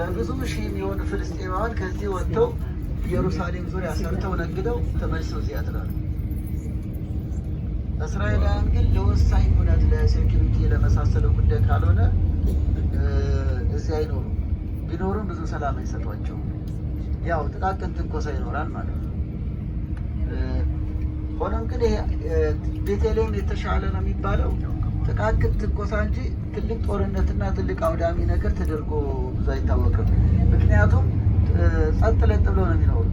በብዙ ሺህ የሚሆኑ ፍልስጤማውያን ከዚህ ወጥተው ኢየሩሳሌም ዙሪያ ሰርተው ነግደው ተመልሰው እዚያ ያድራሉ። እስራኤላውያን ግን ለወሳኝ ሁነት ለሴኪሪቲ ለመሳሰለው ጉዳይ ካልሆነ እዚህ አይኖሩ ቢኖሩም ብዙ ሰላም አይሰጧቸው። ያው ጥቃቅን ትንኮሳ ይኖራል ማለት ነው። ሆኖም ግን ቤተልሔም የተሻለ ነው የሚባለው ጥቃቅን ትንኮሳ እንጂ ትልቅ ጦርነትና ትልቅ አውዳሚ ነገር ተደርጎ ብዙ አይታወቅም። ምክንያቱም ጸጥ ለጥ ብሎ ነው የሚኖሩት።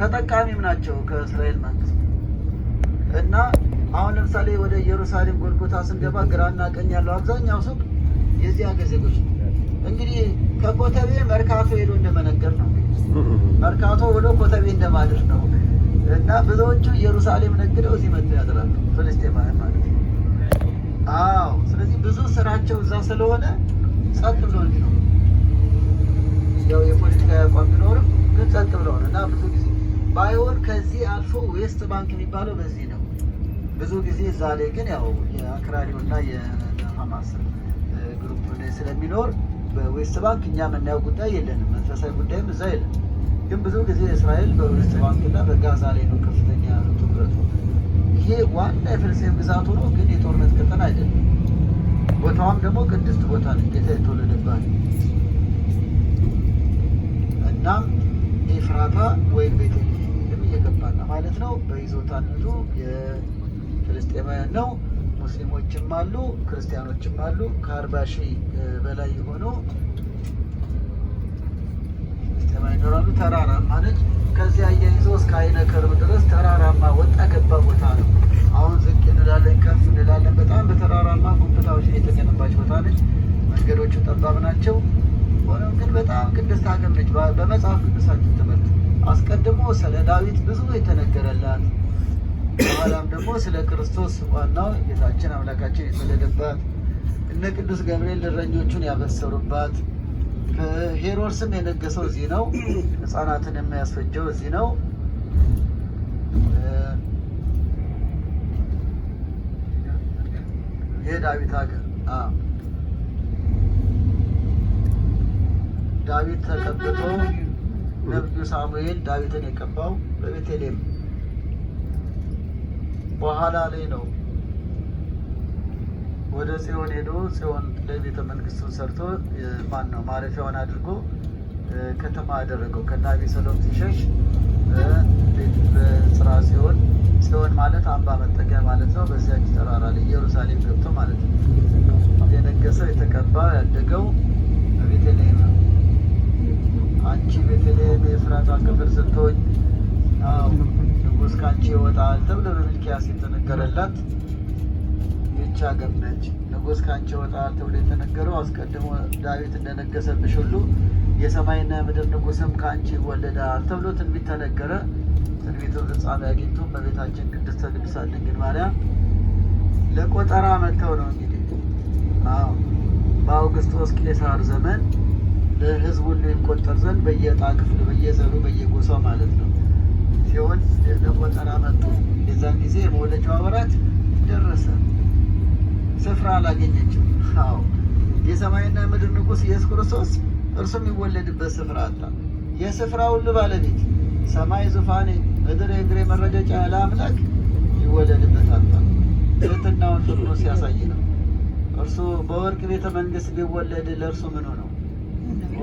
ተጠቃሚም ናቸው ከእስራኤል መንግስት እና አሁን ለምሳሌ ወደ ኢየሩሳሌም ጎልጎታ ስንገባ ግራና ቀኝ ያለው አብዛኛው ሱቅ የዚህ ሀገር ዜጎች ነው። እንግዲህ ከኮተቤ መርካቶ ሄዶ እንደመነገር ነው፣ መርካቶ ወደ ኮተቤ እንደማድር ነው እና ብዙዎቹ ኢየሩሳሌም ነግደው እዚህ መጥተው ያድራሉ፣ ፍልስጤማውያን ማለት ነው። አዎ ስለዚህ ብዙ ኃይላቸው እዛ ስለሆነ ጸጥ ብሎ ነው። ያው የፖለቲካ አቋም ቢኖርም ግን ጸጥ ብለው ነው እና ብዙ ጊዜ ባይሆን ከዚህ አልፎ ዌስት ባንክ የሚባለው በዚህ ነው። ብዙ ጊዜ እዛ ላይ ግን ያው የአክራሪው እና የሀማስ ግሩፕ ላይ ስለሚኖር በዌስት ባንክ እኛ የምናየው ጉዳይ የለንም፣ መንፈሳዊ ጉዳይም እዛ የለም። ግን ብዙ ጊዜ እስራኤል በዌስት ባንክ እና በጋዛ ላይ ነው ከፍተኛ ትኩረቱ። ይሄ ዋና የፍልስጤም ግዛት ሆኖ ግን የጦርነት ቀጠና አይደለም። ቦታዋም ደግሞ ቅድስት ቦታ ነች፣ ጌታ የተወለደባት እናም ኤፍራታ ወይም ቤተልሔም እየገባ ነው ማለት ነው። በይዞታነቱ የፍልስጤማውያን ነው። ሙስሊሞችም አሉ፣ ክርስቲያኖችም አሉ። ከአርባ ሺህ በላይ የሆኑ ፍልስጤማውያን ይኖራሉ። ተራራማ ነች። ከዚያ አያይዞ እስከ አይነ ከርብ ድረስ ተራራማ ወጣ ገባ ቦታ ነው። አሁን ዝቅ እንላለን፣ ከፍ እንላለን የነበረች በመጽሐፍ ቅዱሳችን ትምህርት አስቀድሞ ስለ ዳዊት ብዙ የተነገረላት በኋላም ደግሞ ስለ ክርስቶስ ዋናው ጌታችን አምላካችን የተወለደባት እነ ቅዱስ ገብርኤል እረኞቹን ያበሰሩባት ሄሮድስም የነገሰው እዚህ ነው። ሕፃናትን የሚያስፈጀው እዚህ ነው። የዳዊት ሀገር ዳዊት ተቀብቶ ነብዩ ሳሙኤል ዳዊትን የቀባው በቤተልሔም በኋላ ላይ ነው። ወደ ጽዮን ሄዶ ጽዮን ቤተ መንግስቱን ሰርቶ ማን ነው ማረፊያውን አድርጎ ከተማ ያደረገው ከነ ሰሎም ሲሸሽ በስራ ሲሆን ሲሆን ማለት አምባ መጠጊያ ማለት ነው። በዚያች ተራራ ላይ ኢየሩሳሌም ገብቶ ማለት ነው የነገሰው የተቀባ ያደገው በቤተልሔም አንቺ ቤተልሔም የኤፍራታ ክብር ስትሆኝ ንጉስ ከአንቺ ይወጣል ተብሎ በሚልኪያስ የተነገረላት ይህች ሀገር ነች። ንጉስ ከአንቺ ይወጣል ተብሎ የተነገረው አስቀድሞ ዳዊት እንደነገሰብሽ ሁሉ የሰማይና የምድር ንጉስም ከአንቺ ይወለዳል ተብሎ ትንቢት ተነገረ። ትንቢቱ ፍጻሜ አግኝቶ በቤታችን ቅድስተ ቅዱሳን ድንግል ማርያም ለቆጠራ መጥተው ነው እንግዲህ በአውግስጦስ ቄሳር ዘመን ለህዝቡ ሁሉ ይቆጠር ዘንድ በየጣ ክፍል፣ በየዘሩ፣ በየጎሳው ማለት ነው ሲሆን ለቆጠራ መጡ። የዛን ጊዜ የመውለጃው ወራት ደረሰ፣ ስፍራ አላገኘችም። አዎ የሰማይና ምድር ንጉሥ ኢየሱስ ክርስቶስ እርሱ የሚወለድበት ስፍራ አጣ። የስፍራ ሁሉ ባለቤት ሰማይ ዙፋኔ፣ ምድር የእግሬ መረገጫ ያለ አምላክ ይወለድበት አጣ። ትህትናውን ጥቅኖ ሲያሳይ ነው። እርሱ በወርቅ ቤተ መንግስት ቢወለድ ለእርሱ ምኑ ነው?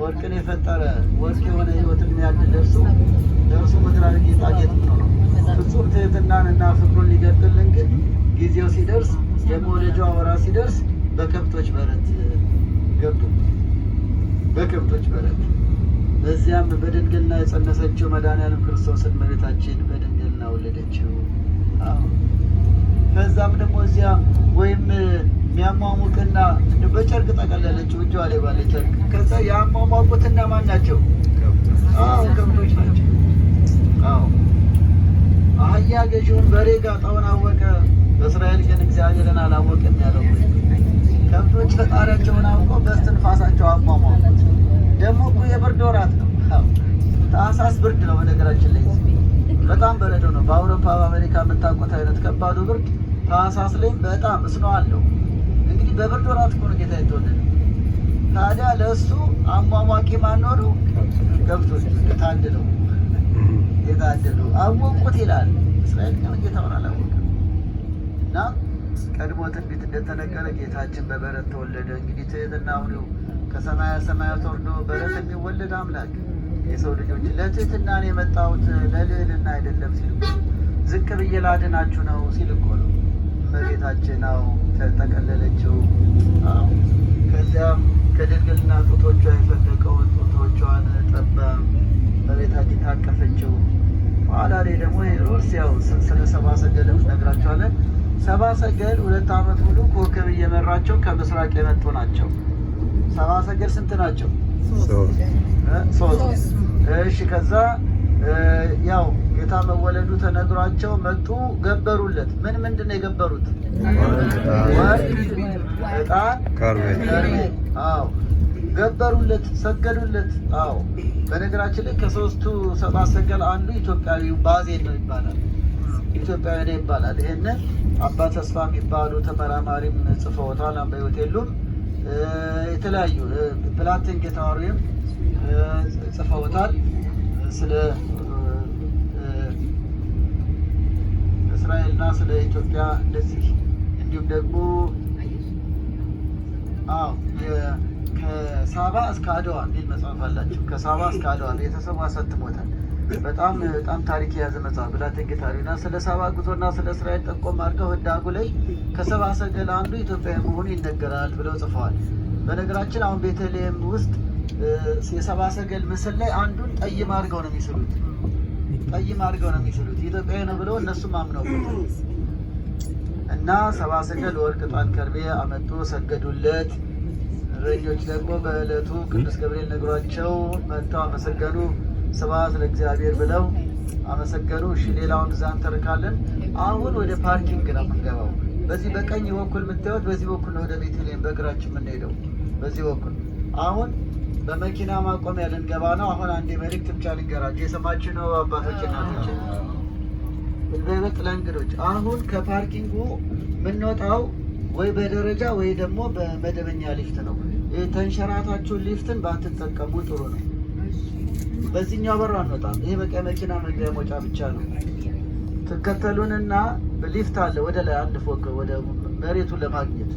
ወርቅን የፈጠረ ወርቅ የሆነ ህይወትን የሚያድል እርሱ ለእርሱ ምድራዊ ጌጣጌጥ ነው። ፍጹም ትህትናንና ፍቅሩን ሊገልጥልን ግን ጊዜው ሲደርስ የመውለጃዋ ወራት ሲደርስ በከብቶች በረት ገቡ። በከብቶች በረት በዚያም በድንግልና የጸነሰችው መድኃኒዓለም ክርስቶስን እመቤታችን በድንግልና ወለደችው። ከዛም ደግሞ እዚያ ወይም የሚያሟሙቅና በጨርቅ ጠቀለለችው እጇ ላይ ባለ ጨርቅ። ከዛ የአሟሟቁት እነማን ናቸው? ከብቶች ናቸው። አዎ አህያ ገዢውን በሬ ጋጣውን አወቀ፣ በእስራኤል ግን እግዚአብሔርን አላወቅም ያለው ከብቶች ፈጣሪያቸውን አውቆ በስትንፋሳቸው አሟሟቁት። ደግሞ እኮ የብርድ ወራት ነው። ታህሳስ ብርድ ነው። በነገራችን ላይ በጣም በረዶ ነው። በአውሮፓ በአሜሪካ የምታውቁት አይነት ከባዱ ብርድ ታህሳስ ላይ በጣም እስኖ አለው። በብርድ ወራት እኮ ነው ጌታ የተወለደ። ታዲያ ለእሱ አሟሟቂ ማነው ነው? ከብቶች የታደለው የታደለው አወቁት ይላል። እስራኤል ግን ጌታውን አላወቅም እና ቀድሞ ትንቢት እንደተነገረ ጌታችን በበረት ተወለደ። እንግዲህ ትህትና ሁኔው ከሰማያ ሰማያት ወርዶ በረት የሚወለድ አምላክ የሰው ልጆች ለትህትና ነው የመጣሁት ለልዕልና አይደለም ሲል ዝቅ ብዬ ላድናችሁ ነው ሲል እኮ ነው በጌታችን ነው ተጠቀለለችው። ከዚያም ከድንግልና ጡቶቿ የፈለቀውን ጡቶቿን ጠባ በቤታችን ታቀፈችው። በኋላ ላይ ደግሞ ሄሮድስ ያው ስለ ሰባ ሰገል ነግራቸዋለን። ሰባ ሰገል ሁለት ዓመት ሙሉ ኮከብ እየመራቸው ከምስራቅ የመጡ ናቸው። ሰባ ሰገል ስንት ናቸው? ሶስት። እሺ ከዛ ያው ጌታ መወለዱ ተነግሯቸው መጡ፣ ገበሩለት። ምን ምንድን ነው የገበሩት? ዕጣን፣ አዎ ገበሩለት፣ ሰገዱለት። አዎ በነገራችን ላይ ከሶስቱ ሰብአ ሰገል አንዱ ኢትዮጵያዊ ባዜን ነው ይባላል። ኢትዮጵያዊ ነው ይባላል። ይህን አባ ተስፋ የሚባሉ ተመራማሪም ጽፈውታል። አንበይወት የሉም የተለያዩ ብላቴን ጌታዋሪም ጽፈውታል ስለ እስራኤልና ስለ ኢትዮጵያ እንደዚህ እንዲሁም ደግሞ ከሳባ እስከ አድዋ የሚል መጽሐፍ አላቸው። ከሳባ እስከ አድዋ ቤተሰቡ አሳትሞታል። በጣም በጣም ታሪክ የያዘ መጽሐፍ ብላቴጌ ታሪና ስለ ሳባ ጉዞና ስለ እስራኤል ጠቆም አድርገው ህዳጉ ላይ ከሰባ ሰገል አንዱ ኢትዮጵያ መሆኑ ይነገራል ብለው ጽፈዋል። በነገራችን አሁን ቤተልሔም ውስጥ የሰባ ሰገል ምስል ላይ አንዱን ጠይም አድርገው ነው የሚስሉት ጠይም አድርገው ነው የሚችሉት። ኢትዮጵያዊ ነው ብለው እነሱም አምነው እና ሰባ ሰገል ወርቅ ጣን ከርቤ አመጡ፣ ሰገዱለት። እረኞች ደግሞ በዕለቱ ቅዱስ ገብርኤል ነግሯቸው መጥተው አመሰገኑ። ስብሐት ለእግዚአብሔር ብለው አመሰገኑ። እሺ ሌላውን እዛ እንተርካለን። አሁን ወደ ፓርኪንግ ነው የምንገባው። በዚህ በቀኝ በኩል የምታዩት፣ በዚህ በኩል ነው ወደ ቤተልሔም በእግራችን የምንሄደው፣ በዚህ በኩል አሁን በመኪና ማቆሚያ ልንገባ ነው። አሁን አንድ መልዕክት ብቻ ልንገራቸው። የሰማችሁ ነው አባቶች እናቶች፣ በይበልጥ ለእንግዶች። አሁን ከፓርኪንጉ የምንወጣው ወይ በደረጃ ወይ ደግሞ በመደበኛ ሊፍት ነው። ተንሸራታችሁን ሊፍትን ባትጠቀሙ ጥሩ ነው። በዚህኛው በር አንወጣም። ይሄ በቃ መኪና መግቢያ መውጫ ብቻ ነው። ትከተሉንና ሊፍት አለ ወደ ላይ አንድ ፎቅ ወደ መሬቱ ለማግኘት